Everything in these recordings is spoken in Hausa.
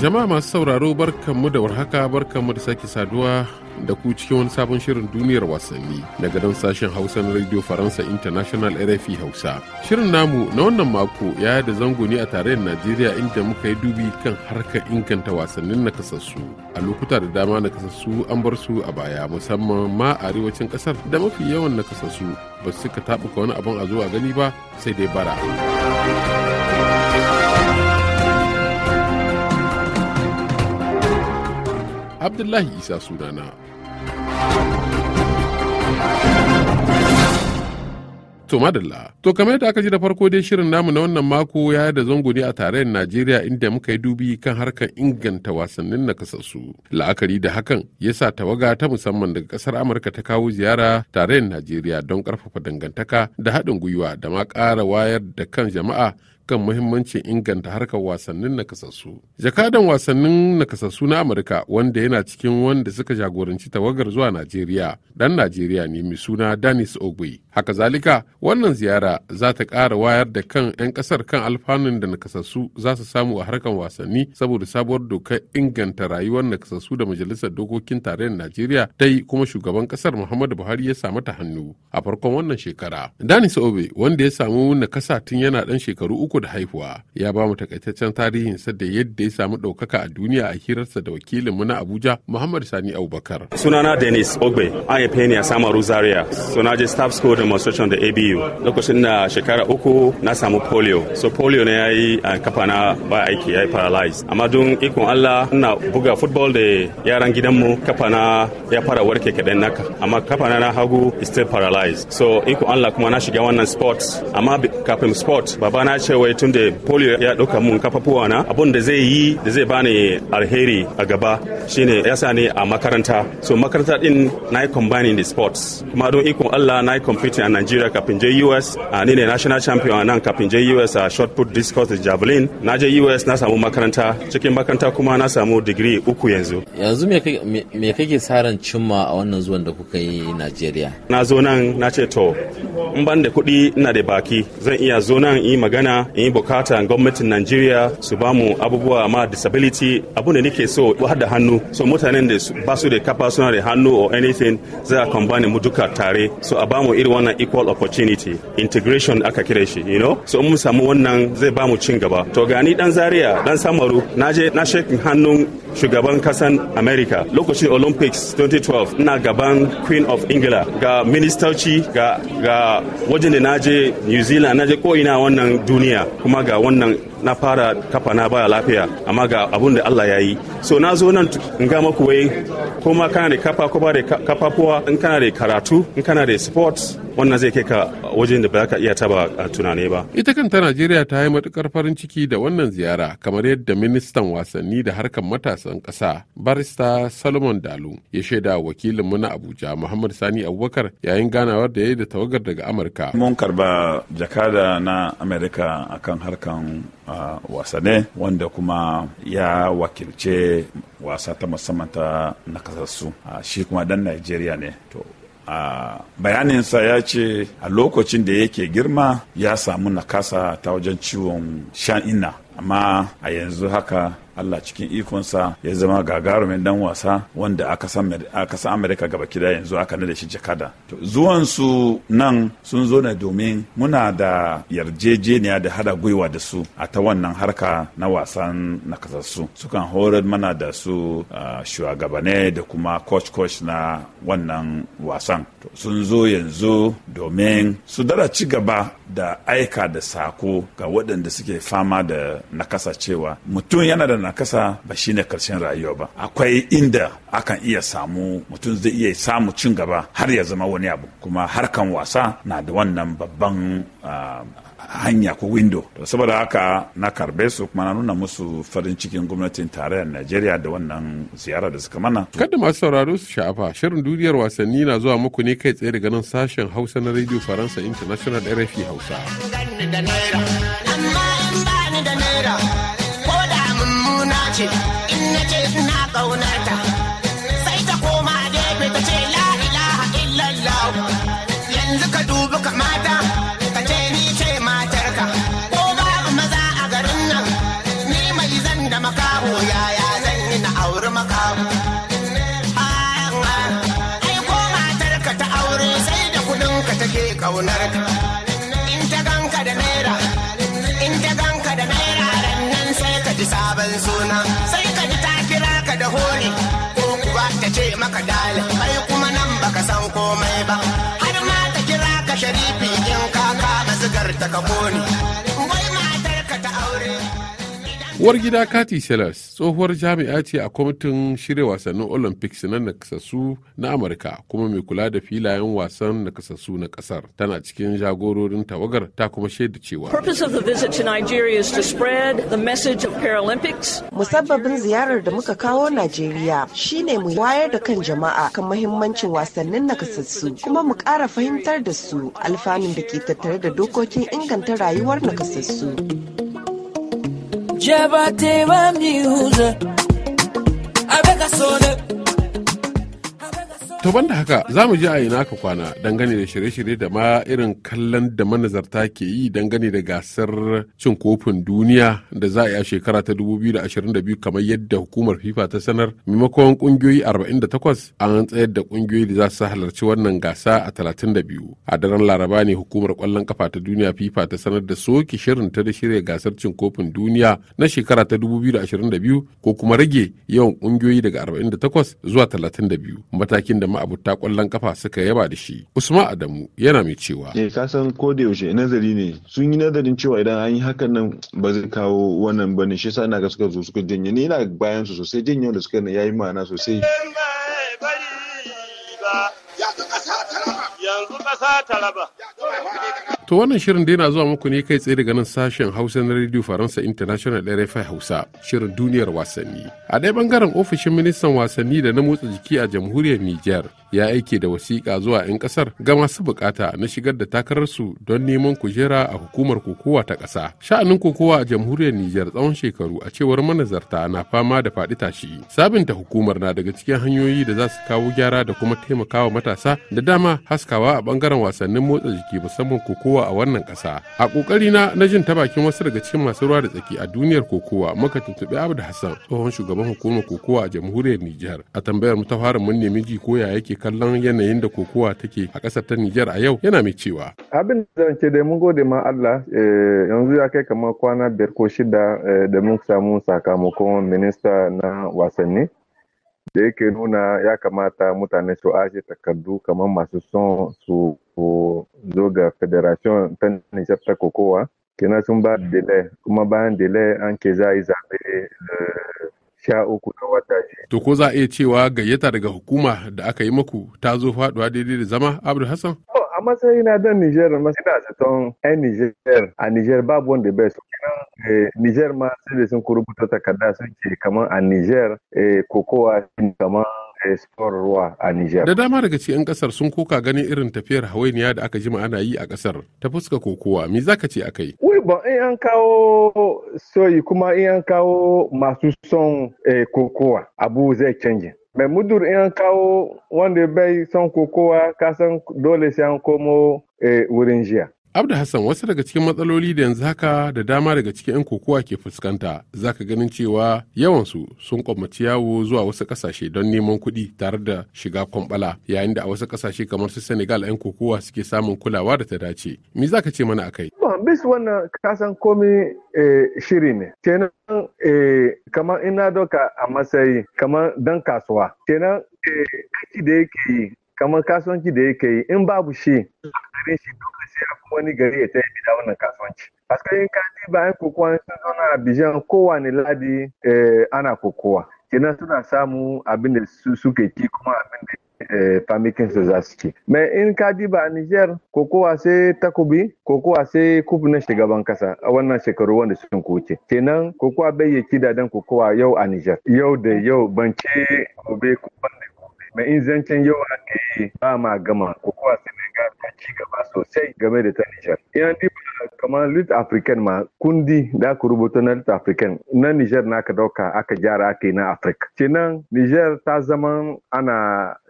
Jama'a masu sauraro barkanmu da warhaka barkanmu da sake saduwa da ku cikin wani sabon shirin duniyar wasanni daga don sashen Hausa na Radio Faransa International RFI Hausa. Shirin namu na wannan mako ya da zango ne a tarayyar Najeriya inda muka yi dubi kan harkar inganta wasannin nakasassu. A lokuta da dama nakasassu an bar su a baya musamman ma a arewacin kasar da mafi yawan nakasassu ba su ka taɓuka wani abin a zo a gani ba sai dai bara. Abdullahi Isa sunana. To madalla, to kamar yadda aka ji da farko dai shirin namu na wannan mako ya da zango ne a tarayyar Najeriya inda muka yi dubi kan harkar inganta wasannin nakasassu. La'akari da hakan ya sa tawaga ta musamman daga kasar Amurka ta kawo ziyara tarayyar Najeriya don karfafa dangantaka da haɗin gwiwa da ma ƙara wayar da kan jama'a kan muhimmancin inganta harkar wasannin nakasassu. Jakadan wasannin nakasassu na Amurka wanda yana cikin wanda suka jagoranci tawagar zuwa Najeriya, dan Najeriya ne mai suna Danis Ogbe. Haka zalika wannan ziyara za ta ƙara wayar da kan 'yan ƙasar kan alfanun da nakasassu za su samu a harkar wasanni saboda sabuwar dokar inganta rayuwar nakasassu da Majalisar Dokokin Tarayyar Najeriya ta yi kuma shugaban ƙasar Muhammadu Buhari ya samu ta hannu a farkon wannan shekara. Danis obe wanda ya samu nakasa tun yana ɗan shekaru uku da haihuwa ya ba mu takaitaccen tarihin sa da yadda ya samu ɗaukaka a duniya a hirarsa da wakilinmu na Abuja Muhammad Sani Abubakar. Sunana Dennis Ogbe, an haife ni a Samaru Zaria. So je staff school demonstration da ABU. Lokacin da shekara uku na samu polio. So polio ne ya yi a kafa na ba aiki ya yi paralyzed. Amma don ikon Allah na buga football da yaran gidanmu kafa na ya fara warke kaɗan naka. Amma kafa na hagu is still paralyzed. So ikon Allah kuma na shiga wannan sports Amma kafin sport baba na ce kawai tun da polio ya ɗauka mun kafafuwa na abun da zai yi da zai bani alheri a gaba shine ya sa ni a makaranta so makaranta din na yi combining the sports kuma don ikon Allah na yi competing a Nigeria kafin je US a ni national champion a nan kafin je US a short put discus da javelin na je US na samu makaranta cikin makaranta kuma na samu digiri uku yanzu yanzu me kake tsarin cimma a wannan zuwan da kuka yi nigeria na zo nan na ce to in ban da kuɗi ina da baki zan iya zo nan yi magana in yi bukatan gwamnatin najeriya su ba mu abubuwa ma disability abu da nake so har da hannu so mutanen da ba su da kafa suna da hannu or anything za a combine mu duka tare so a ba mu irin wannan equal opportunity integration aka kira shi you know so mun samu wannan zai ba mu cin gaba to gani dan zaria dan samaru na je na shekin hannun shugaban kasan america lokacin olympics 2012 ina gaban queen of england. ga ministoci ga, ga wajen da na je new zealand na je ko'ina wannan duniya kuma ga wannan na fara kafa na baya lafiya amma ga abun da allah ya yi so na zo nan in ga maku wai ko ma kana da kafa ko ba da kafafuwa in kana da karatu in kana da sports wannan zai kai ka wajen da ba ka iya taba tunane ba ita kanta najeriya ta yi matukar farin ciki da wannan ziyara kamar yadda ministan wasanni da harkar matasan ƙasa barista solomon dalu ya shaida mu na abuja muhammad sani abubakar yayin ganawar da ya yi da tawagar daga amurka mun karba jakada na amerika akan harkan wasane wanda kuma ya wakilce wasa ta musamman ta nakasassu shi kuma dan najeriya ne to a bayaninsa ya ce a lokacin da yake girma ya samu nakasa ta wajen ciwon sha'ina amma a yanzu haka Allah cikin ikonsa ya zama gagarumin dan wasa wanda aka san aka san Amerika gaba kida yanzu aka nada shi jakada to zuwan su nan sun zo ne domin muna da yarjejeniya da hada gwiwa da su a ta wannan harka na wasan nakasassu sukan horar mana da su shugabane da kuma coach coach na wannan wasan sun zo yanzu domin su dara ci gaba da aika da sako ga waɗanda suke fama da nakasa cewa mutum yana da na kasa ba shi ne karshen rayuwa ba akwai inda akan iya samu mutum zai iya samu cin gaba har ya zama wani abu kuma harkan wasa na da wannan babban ah, hanya ko window to saboda haka na karbe su kuma na nuna musu farin cikin gwamnatin tarayyar Najeriya da wannan ziyara da suka mana kada masu sauraro su sha'afa shirin duniyar wasanni na zuwa muku ne kai tsaye daga nan sashen Hausa na Radio Faransa International RFI Hausa ce in na ce ina ƙaunarta sai ta koma gefe ta ce la ilaha illallah yanzu ka dubi kamata ka ce ni ce matarka ko babu maza a garin nan ni mai zan da makaho yaya zan yi na auri makaho ai ko matarka ta aure sai da kudin take ƙaunarka in ta ganka da na sunan suna sai ka ji ta kira ka da hori ko kuwa ta ce maka dalil ai kuma nan baka san komai ba har ma ta kira ka sharifi in ka ka zigar ta ka koni uwar gida kati sellers tsohuwar jami'a ce a kwamitin shirya wasannin olympics na nakasassu na amurka kuma mai kula da filayen wasan nakasassu na kasar tana cikin jagororin tawagar ta kuma shaida cewa of the nigeria paralympics. musabbabin ziyarar da muka kawo najeriya shine mu wayar da kan jama'a kan mahimmancin wasannin nakasassu kuma mu ƙara fahimtar da su alfanun da ke tattare da dokokin inganta rayuwar nakasassu. Jeba tewa miuze Abeka sone To banda haka za mu ji a ina ka kwana dangane da shirye-shirye da ma irin kallon da manazarta ke yi dangane da gasar cin kofin duniya da za a yi a shekara ta 2022 kamar yadda hukumar FIFA ta sanar maimakon kungiyoyi 48 an tsayar da kungiyoyi da za su halarci wannan gasa a 32. A daren Laraba ne hukumar kwallon kafa ta duniya FIFA ta sanar da soke shirin ta da shirya gasar cin kofin duniya na shekara ta 2022 ko kuma rage yawan kungiyoyi daga 48 zuwa 32 matakin da ma'abuta kwallon kafa suka yaba da shi usman adamu yana mai cewa eh ka san ko da yaushe nazari ne sun yi nazarin cewa idan an yi hakan nan ba zai kawo wannan bane shi yasa ina ga suka zo suka janye ni ina bayan su sosai janye da suka yayi ma'ana sosai yanzu kasa yanzu kasa talaba To wannan shirin dai na zuwa muku ne kai tsaye daga nan sashen Hausa na Radio Faransa International RFI Hausa, shirin duniyar wasanni. A ɗaya bangaren ofishin ministan wasanni da na motsa jiki a jamhuriyar Nijar ya aike da wasiƙa zuwa 'yan kasar ga masu bukata na shigar da takararsu don neman kujera a hukumar kokowa ta ƙasa. Sha'anin kokowa a jamhuriyar Nijar tsawon shekaru a cewar manazarta na fama da faɗi tashi. Sabinta hukumar na daga cikin hanyoyi da za su kawo gyara da kuma taimakawa matasa da dama haskawa a bangaren wasannin motsa jiki musamman kokowa kokowa a wannan ƙasa a ƙoƙari na na jin ta bakin wasu daga cikin masu ruwa da tsaki a duniyar kokowa muka tuntuɓi abdu hassan tsohon shugaban hukumar kokowa a jamhuriyar nijar a tambayar mu ta fara mun nemi ji ko ya yake kallon yanayin da kokowa take a ƙasar ta nijar a yau yana mai cewa abin da zan ce dai mun gode ma Allah eh, yanzu ya kai kamar kwana biyar ko shida eh, da mun samu sakamakon minista na wasanni da yake nuna ya kamata mutane su ashe takardu kamar masu son su zo ga federation ta nijar ta kokowa kina sun ba dele kuma bayan delay an ke za yi zaɓe eh, sha uku na wata to ko za a iya cewa gayyata daga hukuma da aka yi muku ta zo faduwa daidai da zama abdul hassan a matsayi na dan nijar ina zaton yan nijar a nijar babu wanda bai so Eh, Niger ma sai da sun rubuta takarda sun ce kamar a Niger eh, kokowa kamar eh, sport ruwa a Niger. Da dama daga cikin kasar sun koka ganin irin tafiyar hawainiya da aka jima ana yi a kasar ta fuska kokowa me zaka ce akai? Wai ba in an kawo soyi kuma in an kawo masu son kokowa abu zai canji. mai mudur in an kawo wanda bai son kokowa kasan dole sai an komo wurin jiya Abda Hassan wasu daga cikin matsaloli da yanzu haka da dama daga cikin 'yan kokowa ke fuskanta za ka ganin cewa yawansu sun kwamaci yawo zuwa wasu kasashe don neman kuɗi tare da shiga kwambala yayin da a wasu kasashe kamar su Senegal 'yan kokowa suke samun kulawa da ta dace. Me ka ce mana akai? bis wannan kasan komi eh, shiri ne. Kenan eh, kamar ina doka a matsayi kamar dan kasuwa. Kenan eh, aiki da yake yi kamar kasuwanci da yake yi in babu shi gare shi dole sai ya fi wani gari ya ta yi da wannan kasuwanci paske in ka ji bayan kokowa sun zauna a bijan kowane ladi eh, ana kokowa kenan suna samu abin da suke ki kuma abin da eh, su za su ci. Mai in ka diba a Niger kokowa sai takobi kokowa sai kuf na shugaban kasa a wannan shekaru wanda sun kuce. Kenan kokowa bai yi kidadan kokowa yau a Niger. Yau da yau ban ce gobe kuma mai in zancen yau ake ba ma gama ko kuwa senegal ta ci gaba sosai game da ta nijar ina diba kamar lit african ma kundi da aka rubuta na lit african na nijar na aka dauka aka gyara aka yi na africa kenan nijar ta zama ana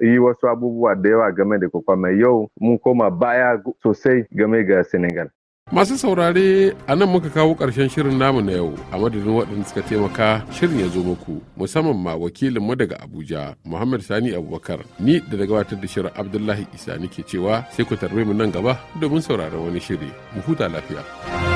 yi wasu abubuwa da yawa game da kwakwa mai yau mun koma baya sosai game ga senegal Masu saurare a nan muka kawo ƙarshen shirin namu na yau a madadin waɗanda suka taimaka shirin ya zo muku musamman ma wakilin wakilinmu daga Abuja Muhammad Sani Abubakar ni da daga gabatar da shirin Abdullahi Isa ke cewa sai ku tarbe mu nan gaba domin sauraron wani shiri mu huta lafiya.